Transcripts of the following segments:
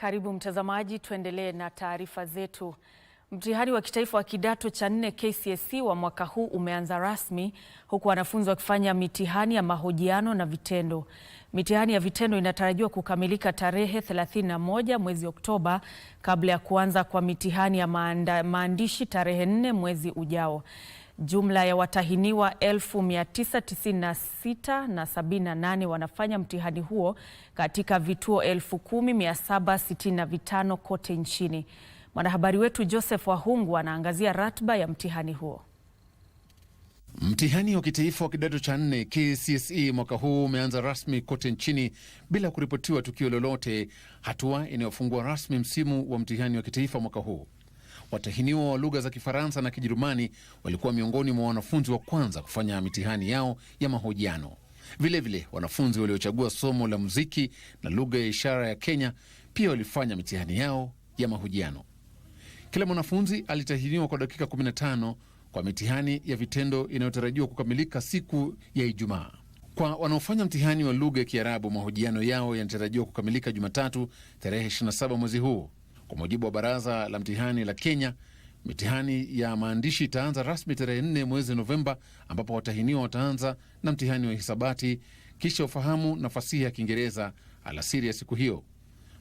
Karibu mtazamaji, tuendelee na taarifa zetu. Mtihani wa kitaifa wa kidato cha nne KCSE wa mwaka huu umeanza rasmi huku wanafunzi wakifanya mitihani ya mahojiano na vitendo. Mitihani ya vitendo inatarajiwa kukamilika tarehe 31 mwezi Oktoba kabla ya kuanza kwa mitihani ya maanda, maandishi tarehe 4 mwezi ujao. Jumla ya watahiniwa 1996 na 78 wanafanya mtihani huo katika vituo 10765 kote nchini. Mwanahabari wetu Joseph Wahungu anaangazia ratiba ya mtihani huo. Mtihani wa kitaifa wa kidato cha nne KCSE mwaka huu umeanza rasmi kote nchini bila kuripotiwa tukio lolote, hatua inayofungua rasmi msimu wa mtihani wa kitaifa mwaka huu. Watahiniwa wa lugha za Kifaransa na Kijerumani walikuwa miongoni mwa wanafunzi wa kwanza kufanya mitihani yao ya mahojiano. Vilevile wanafunzi waliochagua somo la muziki na lugha ya ishara ya Kenya pia walifanya mitihani yao ya mahojiano. Kila mwanafunzi alitahiniwa kwa dakika 15 kwa mitihani ya vitendo inayotarajiwa kukamilika siku ya Ijumaa. Kwa wanaofanya mtihani wa lugha ya Kiarabu, mahojiano yao yanatarajiwa kukamilika Jumatatu tarehe 27 mwezi huu. Kwa mujibu wa baraza la mtihani la Kenya, mitihani ya maandishi itaanza rasmi tarehe nne mwezi Novemba, ambapo watahiniwa wataanza na mtihani wa hisabati, kisha ufahamu na fasihi ya Kiingereza alasiri ya siku hiyo.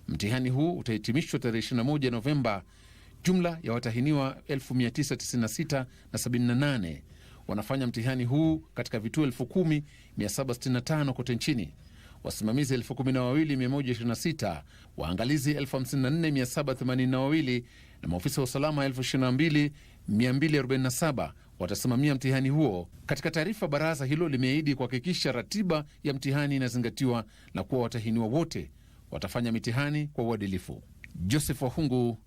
Mtihani huu utahitimishwa tarehe 21 Novemba. Jumla ya watahiniwa 1996 na 78 wanafanya mtihani huu katika vituo 10765 kote nchini wasimamizi 12126, waangalizi 54782 na maofisa wa usalama 22247 watasimamia mtihani huo. Katika taarifa, baraza hilo limeahidi kuhakikisha ratiba ya mtihani inazingatiwa na kuwa watahiniwa wote watafanya mitihani kwa uadilifu. Joseph Wahungu,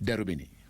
Darubini.